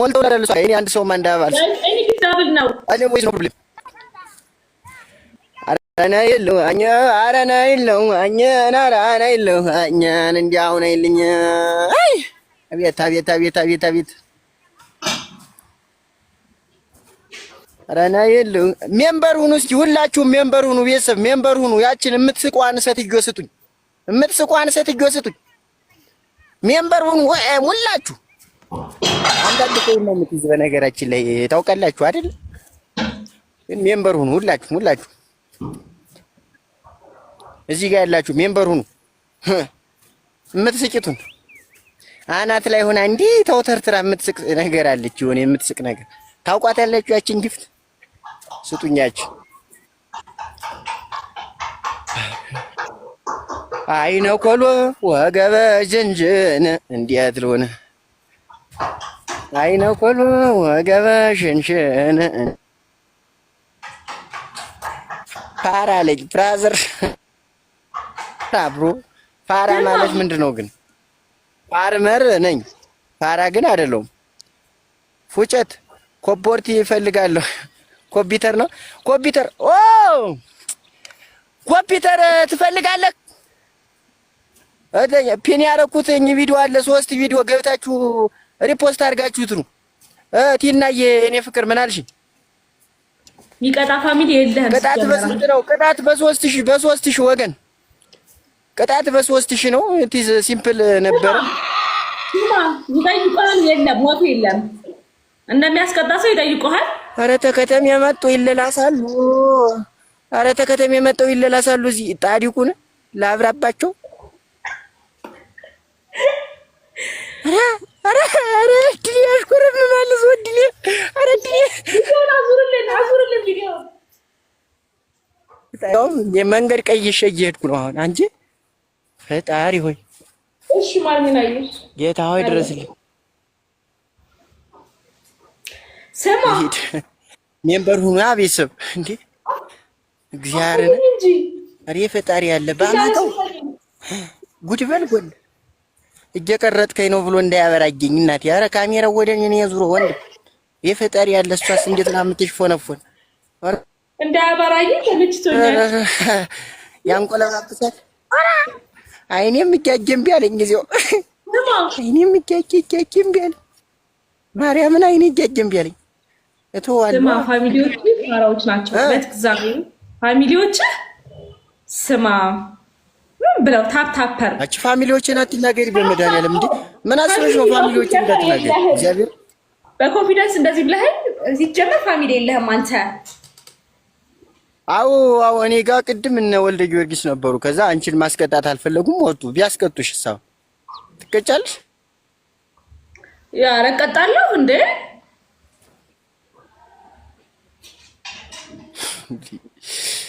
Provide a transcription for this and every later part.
ሞልተው ለደልሷ እኔ አንድ ሰው ማንዳባል እኔ ወይስ ነው ፕሮብሌም አረና ይለው አኛ አረና ይለው አኛ አረና ይለው አኛ እንዲያው ነው ይልኝ አይ አቤት አቤት አቤት አቤት አቤት አረና ሜምበር ሁኑ እስኪ ሁላችሁም ሜምበር ሁኑ ቤተሰብ ሜምበር ሁኑ ያችን የምትስቋን ሴትዮ ስጡኝ የምትስቋን ሴትዮ ስጡኝ ሜምበር ሁኑ ሙላችሁ። አንዳንድ ሰው ነው የምትይዝ በነገራችን ላይ ታውቃላችሁ አይደል? ግን ሜምበር ሁኑ ሁላችሁ ሁላችሁ እዚህ ጋር ያላችሁ ሜምበር ሁኑ። የምትስቂቱን አናት ላይ ሆና እንዲህ ተውተርትራ የምትስቅ ነገር አለች። የሆነ የምትስቅ ነገር ያላችሁ ያችን ግፍት ስጡኛችሁ። አይነ ኮሎ ወገበ ጅንጅን እንዴት ልሆን? አይነ ኮሎ ወገበ ሽንሽን ፓራ ልጅ ብራዘር አብሮ ፓራ ማለት ምንድን ነው ግን? ፋርመር ነኝ፣ ፓራ ግን አይደለሁም። ፉጨት ኮፖርቲ ይፈልጋለሁ። ኮምፒውተር ነው ኮምፒውተር ኦ ኮምፒውተር ትፈልጋለህ? ፒን ያረኩት እኚህ ቪዲዮ አለ ሶስት ቪዲዮ ገብታችሁ ሪፖስት አድርጋችሁት ነው። ቲናዬ እኔ ፍቅር ምን አልሽ? ይቀጣ ፋሚሊ የለህም። ቅጣት በስንት ነው? ቅጣት በሶስት ሺህ በሶስት ሺህ ወገን ቅጣት በሶስት ሺህ ነው። ኢትዝ ሲምፕል ነበረ። ይጠይቁሃል። የለም ሞቱ የለም እንደሚያስቀጣ ሰው ይጠይቁሃል። አረ ተከተም የመጣው ይለላሳሉ። አረ ተከተም የመጣው ይለላሳሉ። እዚህ ጣዲቁን ላብራባቸው የመንገድ ቀይሼ እየሄድኩ ነው አሁን። አንቺ ፈጣሪ ሆይ እሺ፣ ጌታ ሆይ ድረስልኝ። ስማ ሜምበር ሁኑ። ቤተሰብ እንዴ እግዚአብሔር እንጂ ፈጣሪ ያለ ባናተው ጉድበል ጎል እየቀረጥከኝ ነው ብሎ እንዳያበራየኝ እናቴ። ኧረ ካሜራው ወደ እኔ ዙሮ ወንድ የፈጣሪ ያለ እሷስ እንዴት ነው የምትሽፎነፎን? እንዳያበራየኝ ተመችቶኛል። ያንቆለባብሳል። አይኔም እያየ እምቢ አለኝ ጊዜው። አይኔም እያየ እያየ እምቢ አለኝ ማርያምን፣ አይኔ እያየ እምቢ አለኝ። እተዋለሁ። ፋሚሊዎች ፋራዎች ናቸው። ሁለት ፋሚሊዎች ስማ ብለው ታፕ ታፐር አቺ ፋሚሊዎችን አትናገሪ በመድኃኒዓለም እንዴ ምን አስበሽ ነው ፋሚሊዎችን እንዳትናገሪ እግዚአብሔር በኮንፊደንስ እንደዚህ ብለህን ሲጀመር ፋሚሊ የለህም አንተ አዎ አዎ እኔ ጋ ቅድም እነ ወልደ ጊዮርጊስ ነበሩ ከዛ አንቺን ማስቀጣት አልፈለጉም ወጡ ቢያስቀጡሽ ሳው ትቀጫለሽ ኧረ እቀጣለሁ እንዴ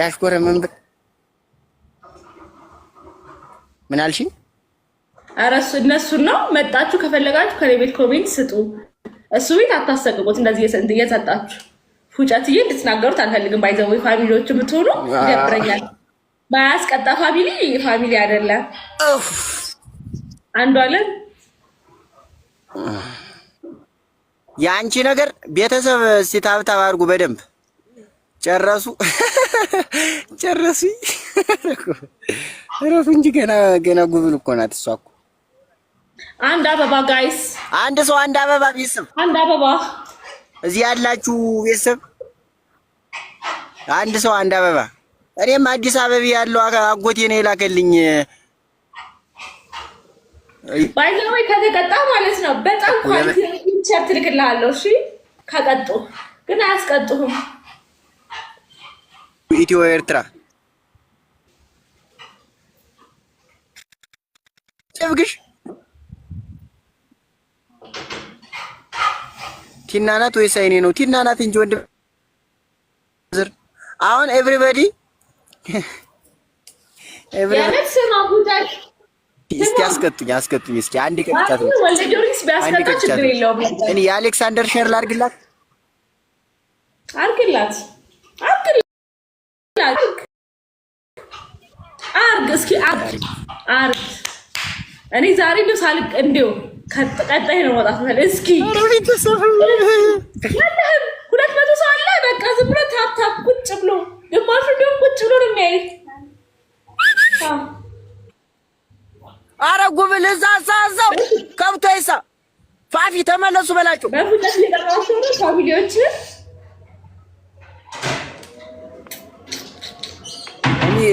ያሽጎረምን ምን አልሽኝ? ኧረ እነሱን ነው መጣችሁ። ከፈለጋችሁ ከቤት ኮሜንት ስጡ። እሱ ቤት አታሰቅቁት። እንደዚህ እየሰጣችሁ ፉጨትዬ እንድትናገሩት አልፈልግም። ባይዘው ፋሚሊዎች ብትሆኑ ይደብረኛል። ባያስቀጣ ፋሚሊ ፋሚሊ አይደለም። አንዷ አለን የአንቺ ነገር ቤተሰብ እስቲ ታብታብ አድርጉ በደንብ ጨረሱ ጨረሱ ረፉ እንጂ ገና ገና ጉብል እኮ ናት እሷ እኮ አንድ አበባ ጋይስ አንድ ሰው አንድ አበባ ቤተሰብ አንድ አበባ እዚህ ያላችሁ ቤተሰብ አንድ ሰው አንድ አበባ እኔም አዲስ አበባ ያለው አጎቴ ነው የላከልኝ ባይዘዌ ከተቀጣ ማለት ነው። በጣም ኳሊቲ ቲሸርት ልክልሃለሁ። እሺ ከቀጡ ግን አያስቀጡህም። ኢትዮ ኤርትራ ጭብግሽ ቲና ናት ወይስ አይኔ ነው? ቲና ናት እንጂ ወንድ ዝር አሁን ኤቭሪባዲ ኤቭሪባዲ ጉዳይ እስቲ አስቀጡኝ አስቀጡኝ። እስኪ አንድ ቀጥታ እኔ የአሌክሳንደር ሼር ላድርግላት አድርግላት አድርግላት አድርግ እስኪ አድርግ አድርግ። እኔ ዛሬ እንደው ሳልቅ እንደው ቀጣይ ነው መውጣት ማለት እስኪ ሁለት መቶ ሰው አለ። በቃ ዝም ብሎ ታፕ ታፕ ቁጭ ብሎ ግማሹ እንደውም ቁጭ ብሎ ነው የሚያየው አረ ጉብል እዛ ሳዛው ከብቶ ይሳ ፋፊ ተመለሱ በላቸው። በሁለት ሊቀራቸው ነው ፋሚሊዎች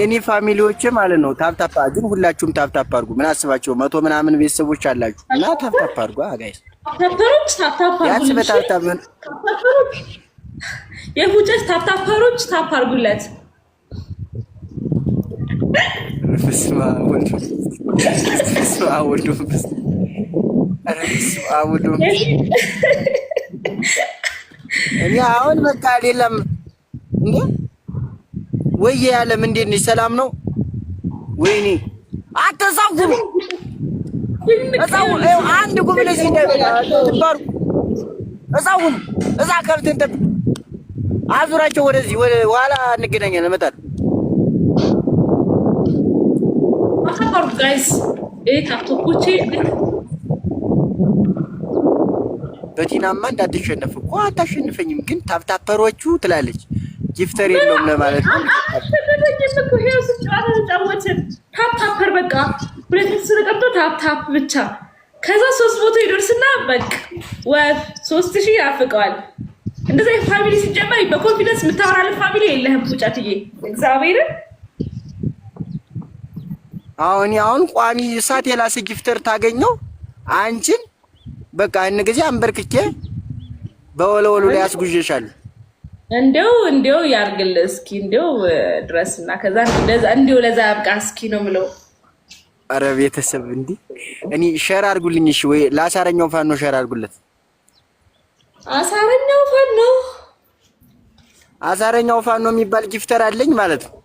እኔ ፋሚሊዎች ማለት ነው። ታፕታፕ ግን ሁላችሁም ታፕታፕ አድርጉ። ምን አስባቸው መቶ ምናምን ቤተሰቦች አላችሁ እና ታፕታፕ አድርጉ። አጋይስ ያንስ በታፕታፕ የፉጨት ታፕታፓሮች ታፕ አድርጉለት። እኔ አሁን በቃ ሌላም እ ወይ ያለም እንዴት ነሽ? ሰላም ነው? ወይኔ አተሳውሩ እዛው አንድ ጉብ ለዚህ ትባሩ እዛውን እዛ ከብትን ጠብቅ አዙራቸው ወደዚህ ወደ ኋላ እንገናኛለን እመጣለሁ ከባሩ ጋይስ ይሄ ታፕቶፖቼ በቲናማ እንዳትሸነፍ እኮ አታሸንፈኝም፣ ግን ታፕታፐሮቹ ትላለች። ጊፍተር የለውም ለማለት ነው። ታፕታፐር በቃ ሁለት ስለቀብቶ ታፕታፕ ብቻ። ከዛ ሶስት ቦቶ ይደርስና በቃ ወር ሶስት ሺህ ያፍቀዋል። እንደዚ ፋሚሊ ሲጀመር በኮንፊደንስ የምታወራለ ፋሚሊ የለህም ቁጫትዬ እግዚአብሔርን አሁን አሁን ቋሚ ሳቴላስ ጊፍተር ታገኘው አንቺን በቃ እን ጊዜ አንበርክኬ በወለወሉ ላይ አስጉዤሻለሁ። እንደው እንደው ያርግል እስኪ እንደው ድረስና ከዛ እንደዛ እንደው ለዛ አብቃ እስኪ ነው ምለው። አረ ቤተሰብ እንዲ እኔ ሸር አድርጉልኝ። እሺ ወይ ለአሳረኛው ፋኖ ሸር አድርጉለት። አሳረኛው ፋኖ አሳረኛው ፋኖ የሚባል ጊፍተር አለኝ ማለት ነው።